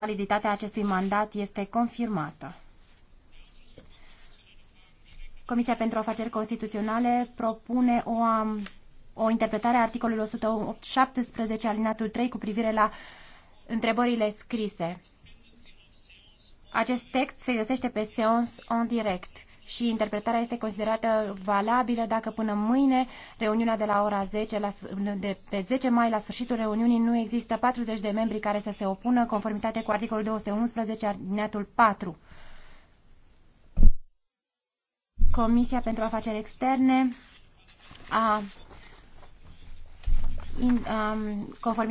validitatea acestui mandat este confirmată. Comisia pentru Afaceri Constituționale propune o, o interpretare a articolului 117 alinatul 3 cu privire la întrebările scrise. Acest text se găsește pe seans în direct și interpretarea este considerată valabilă dacă până mâine reuniunea de la ora 10, la, de pe 10 mai, la sfârșitul reuniunii, nu există 40 de membri care să se opună, conformitate cu articolul 211, alineatul 4. Comisia pentru Afaceri Externe a, in, a conform